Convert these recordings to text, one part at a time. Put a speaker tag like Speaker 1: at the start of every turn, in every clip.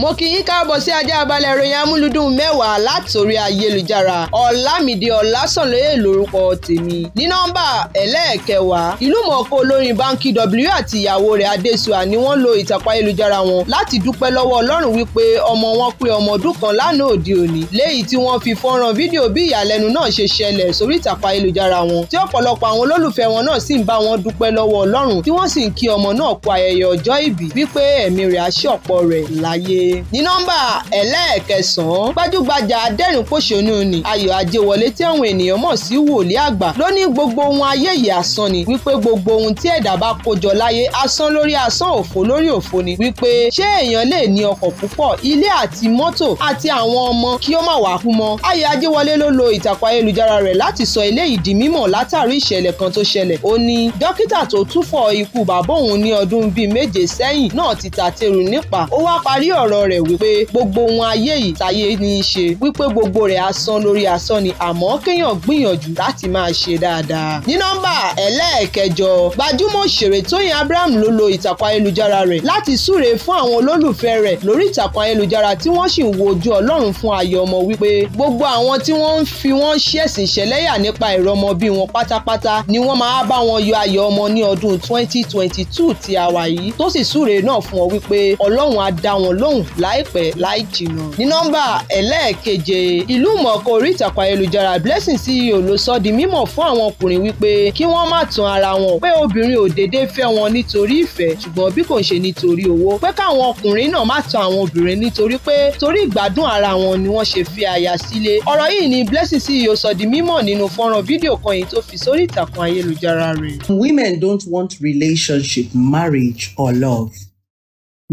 Speaker 1: mo kì í káàbọ̀ sí ajá balẹ̀ ìròyìn amúlùdùn mẹ́wàá látòrí ayélujára ọ̀làmìdí ọ̀làsànlóye lórúkọ tèmi ní nọ́mbà ẹlẹ́ẹ̀kẹwàá ìlúmọ̀ọ́ká olórin báńkì w àti ìyàwó rẹ̀ adésùà ni wọ́n lo ìtàkùn ayélujára wọn láti dúpẹ́ lọ́wọ́ ọlọ́run wípé ọmọ wọn pé ọmọ ọdún kan lánàá òde òní léyìí tí wọ́n fi fọ́nrán fídíò bí ìyàlẹ́nu náà ṣe ṣẹlẹ̀ sórí ìtàkùn ayélujára wọn tí ọ̀pọ̀lọpọ̀ àwọn olólùfẹ́ wọn náà sì ń bá wọn dúpẹ́ lọ́wọ́ ọlọ́run tí wọ́n sì ń kí ọmọ náà kú ayẹyẹ ọjọ́ ìbí wípé ẹ̀mí rẹ̀ á ṣe ní nọ́mbà ẹlẹ́ẹ̀kẹsàn-án gbajúgbajà adẹ́rìn-pòṣónú ni ayọ̀ ajẹ́wọlé tí àwọn ènìyàn mọ̀ sí wòlíì àgbà ló ní gbogbo ohun ayé yìí asán ni wípé gbogbo ohun tí ẹ̀dá bá kójọ láyé asán lórí asán òfò lórí òfò ni wípé ṣé èèyàn lè ní ọkọ̀ púpọ̀ ilé àti mọ́tò àti àwọn ọmọ kí ó má wàá kú mọ́ ayọ̀ ajẹ́wọlé ló lo ìtàkùn ayélujára rẹ̀ láti sọ eléyìí di mímọ̀ látàrí ìṣẹ̀lẹ̀ kan tó ṣẹlẹ̀ ó ní dókítà tó túfọ̀ ikú bàbá òun ní ọdún bíi méje sẹ́yìn náà ti tàtẹrù nípa ó wá parí ọ̀rọ̀ ọ̀rọ̀ rẹ̀ wípé gbogbo ohun ayé yìí táyé ní í ṣe wípé gbogbo rẹ̀ asán lórí asán ni àmọ́ kéèyàn gbìyànjú láti máa ṣe dáadáa. ní nọ́mbà ẹlẹ́ẹ̀kẹjọ gbajúmọ̀ òṣèré Tóyìn Abraham ló lo ìtàkùn ayélujára rẹ̀ láti súre fún àwọn olólùfẹ́ rẹ̀ lórí ìtàkùn ayélujára tí wọ́n sì ń wo ojú Ọlọ́run fún ayọ̀ ọmọ wípé gbogbo àwọn tí wọ́n ń fi wọ́n ṣẹ̀sìn ṣẹlẹ́yà nípa ìrọmọ bí wọn pátápátá ni wọ́n máa bá wọn yọ ayọ̀ ọmọ ní ọdún 2022 tí a wà yìí tó sì súre náà fún ọ wípé Ọlọ́run á dá wọn lóhùn láìpẹ́ láì jìnà. ní nọ́mbà ẹlẹ́ẹ̀keje ìlú mọ̀ọ́kọ orí ìtàkùn ayélujára Blessing CEO ló sọ di mímọ̀ fún àwọn ọkùnrin wípé kí wọ́n má tan ara wọn pé obìnrin ò dédé fẹ́ wọn nítorí ìfẹ́ ṣùgbọ́n bí kò ṣe nítorí owó pé káwọn ọkùnrin náà má tan àwọn obìnrin nítorí pé torí ìgbádùn ara wọn ni wọ́n ṣe fi aya sílé ọ̀rọ̀ yìí ni Blessing CEO sọ di mímọ̀ nínú fọ́nrán fídíò kan yìí tó fi sórí ìtàkùn ayélujára rẹ̀. Women don't want relationship, marriage or love.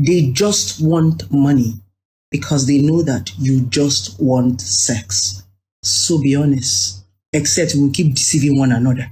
Speaker 1: They just want money because they know that you just want sex. So be honest, except we'll keep deceiving one another.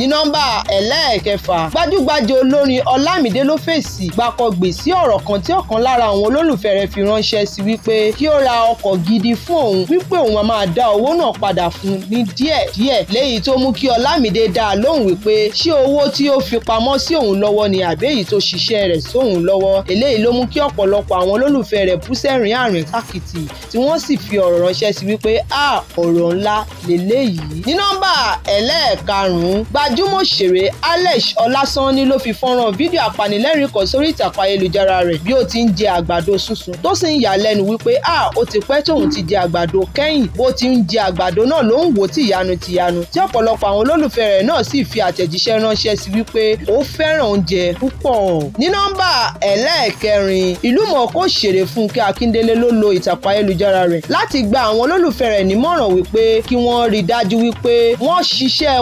Speaker 1: ní nọ́mbà ẹlẹ́ẹ̀kẹfà gbajúgbajù olórin ọlámídé ló fèsì gbàkọgbè sí ọ̀rọ̀ kan tí ọ̀kan lára àwọn olólùfẹ́ rẹ̀ fi ránṣẹ́ sí wípé kí ó ra ọkọ̀ gidi fún òun wípé òun máa dá owó náà padà fún ní díẹ̀ díẹ̀ léyìí tó mú kí ọlámídé dá a lóhùn wípé ṣé owó tí ó fi pamọ́ sí òun lọ́wọ́ ni àbí èyí tó ṣiṣẹ́ rẹ̀ sóhun lọ́wọ́ eléyìí ló mú kí ọ̀pọ̀lọpọ̀ àwọn olólùfẹ́ rẹ̀ bú sẹ́rìn àrìn kákìtì tí wọ́n sì a ọ̀rọ̀ ńlá lélẹ́yìí ní nọ́mbà gbajúmọ̀ òṣèré alex ọlásánni ló fi fọ́nrán fídíò apanilẹ́rìn kan sórí ìtàkùn ayélujára rẹ̀ bí ó ti ń jẹ àgbàdo sísun tó sì ń yà lẹ́nu wípé a ó ti pẹ́ tóun ti jẹ àgbàdo kẹ́yìn bó ti ń jẹ àgbàdo náà ló ń wò tìyanu tìyanu tí ọ̀pọ̀lọpọ̀ àwọn olólùfẹ́ rẹ̀ náà sì fi àtẹ̀jíṣẹ́ ránṣẹ́ sí wípé ó fẹ́ràn oúnjẹ púpọ̀ ní lo ìtàkùn ayélujára rẹ̀ láti gba àwọn olólùfẹ́ rẹ̀ nímọ̀ràn wípé kí wọ́n rí dájú wípé wọ́n ṣiṣẹ́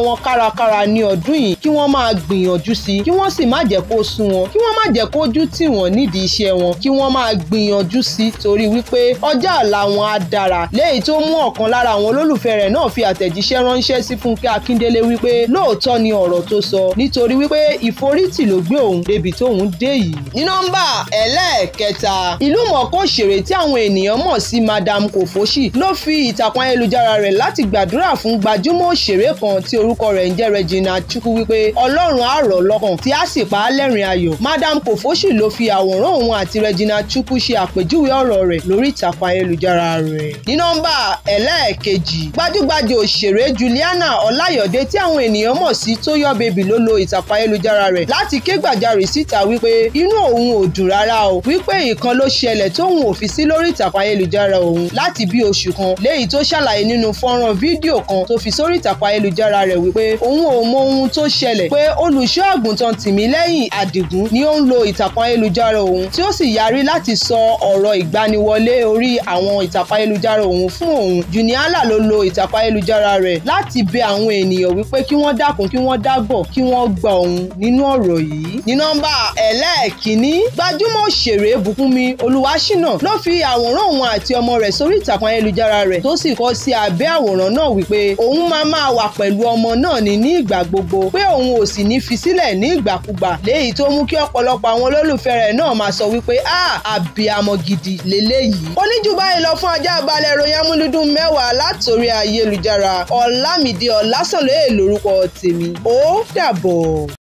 Speaker 1: ní ọdún yìí kí wọ́n máa gbìyànjú sí i kí wọ́n sì má jẹ́ kó sú wọn kí wọ́n má jẹ́ kójú tì wọ́n nídìí iṣẹ́ wọn kí wọ́n máa gbìyànjú sí i torí wípé ọjọ́ ọ̀la wọn á dára léyìí tó mú ọ̀kan lára àwọn olólùfẹ́ rẹ̀ náà fi àtẹ̀jíṣẹ́ ránṣẹ́ sí Fúnkẹ́ Akíndélé wípé lóòótọ́ ni ọ̀rọ̀ tó sọ nítorí wípé ìforítì ló gbé òun débi tóun dé yìí. ní nọ́mbà ẹlẹ́ẹ̀kẹta ìlú Kofoshi ló fi ìtàkùn ayélujára rẹ̀ láti gbàdúrà fún gbajúmọ̀ òṣèré kan tí orúkọ rẹ̀ Amina Chikwu wípé ọlọ́run á rọ̀ lọ́kàn tí á sì pa á lẹ́rìn ayọ̀ Madam Kofoshi ló fi àwòrán òun àti Regina Chukwu ṣe àpèjúwe ọ̀rọ̀ rẹ̀ lórí ìtàkùn ayélujára rẹ̀. ní nọ́mbà ẹlẹ́ẹ̀kejì gbajúgbajà òṣèré Juliana Ọláyọ̀dé tí àwọn ènìyàn mọ̀ sí Tóyọ Baby ló lo ìtàkùn ayélujára rẹ̀ láti ké gbàjarè síta wípé inú òun ò dùn rárá o wípé ìkan ló ṣẹlẹ̀ tóun ò fi sí lórí ìtàkùn ayélujára òun láti bí oṣù kan léyìí tó ṣàlàyé nínú fọ́nrán fídíò kan tó fi sórí ìtàkùn ayélujára rẹ̀ wípé òun ò mọ ohun tó ṣẹlẹ̀ pé olùṣọ́ àgùntàn tìmílẹ́yìn àdìgún ni ó ń lo ìtàkùn ayélujára òun tí ó sì yarí láti sọ ọ̀rọ̀ ìgbaniwọlé orí àwọn ìtàkùn ayélujára òun fún òun jùníálà ló lo ìtàkùn ayélujára rẹ̀ láti bẹ àwọn ènìyàn wípé kí wọ́n dákun kí wọ́n dábọ̀ kí wọ́n gba òun nínú ọ̀rọ̀ yìí. ní nọ́mbà ẹlẹ́ẹ̀kínní gbajúmọ̀ òṣèré bùkúnmi olùwàṣínà ló fi àwòrán òun àti ọmọ rẹ̀ sórí ìtàkùn ayélujára rẹ̀ tó sì kọ sí abẹ́ àwòrán náà wípé òun máa máa wà pẹ̀lú ọmọ náà ní ní ìgbà gbogbo pé òun ò sì ní fi sílẹ̀ ní ìgbàkúgbà léyìí tó mú kí ọ̀pọ̀lọpọ̀ àwọn olólùfẹ́ rẹ̀ náà máa sọ wípé a àbíamọ gidi leléyìí. oníjù báyìí lọ fún ajá balẹ̀ ìròyìn amúlùdùn mẹ́wàá látòrí ayélujára ọ̀làmìdí ọ̀làsànlóye lórúkọ tèmi ó dàbọ̀.